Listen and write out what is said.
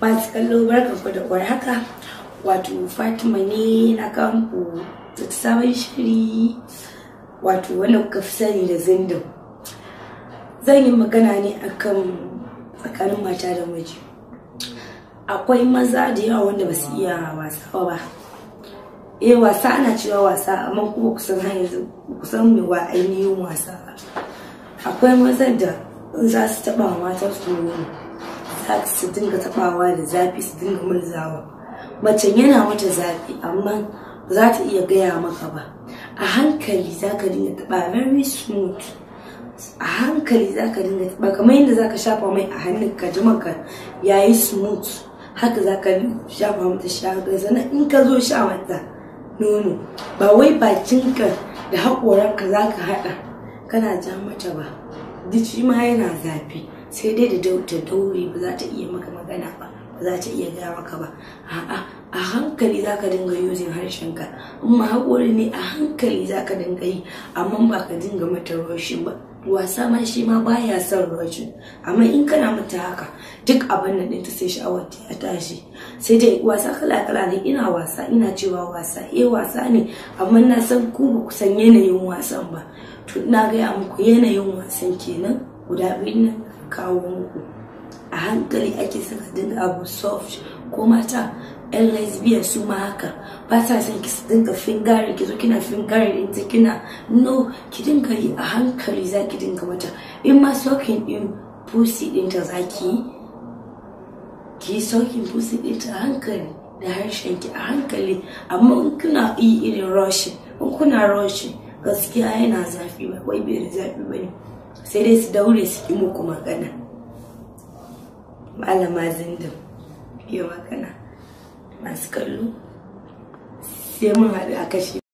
masu kallo barkanku da haka, wato fatima ne na kanku da sabon shiri wato wanda kuka fi sani da zindin zan yi magana ne akan tsakanin mata da miji akwai maza da yawa wanda ba su iya wasa ba eh wasa ana cewa wasa amma kuma kusan har yanzu kusan mai wa ainihin wasa akwai maza da za su taba mata su su dinga tabawa da zafi su dinga murzawa macen yana mata zafi amma za ta iya gaya maka ba a hankali za ka dinga taba very smooth a hankali za ka dinga taba kamar yadda za ka shafa mai a hannun ka ji maka yi smooth haka za ka shafa mata shagar zana in ka zo sha mata nono ba wai bakinka da haƙoranka za ka haɗa kana ja mata ba duk shi ma yana zafi sai dai da ta daure ba za ta iya maka magana ba ba za ta iya gaya maka ba a'a a hankali za ka dinga yuzin harshenka in ma haƙori ne a hankali za ka dinga yi amma ba ka dinga mata roshin ba wasa ma shi ma baya son roshin amma in kana mata haka duk abin nan ta sai sha'awar ta ya tashi sai dai wasa kala kala ne ina wasa ina cewa wasa eh wasa ne amma na san ku ba ku san yanayin wasan ba to na gaya muku yanayin wasan kenan guda biyu nan muku, a hankali ake saka dinga abu soft ko mata yan lesbian su ma haka ba sa son ki dinga fingari ki zo kina fingari din ta kina no ki dinga yi a hankali za ki dinga mata in ma sokin din pussy din ta za ki yi ki yi sokin pussy din ta a hankali da harshen ki a hankali amma in kuna yi irin rushin in kuna rushin gaskiya yana zafi ba wai bai zafi ba ne sai dai su daure su yi muku magana malama zindin yi magana masu kallo sai mun haɗu a kashe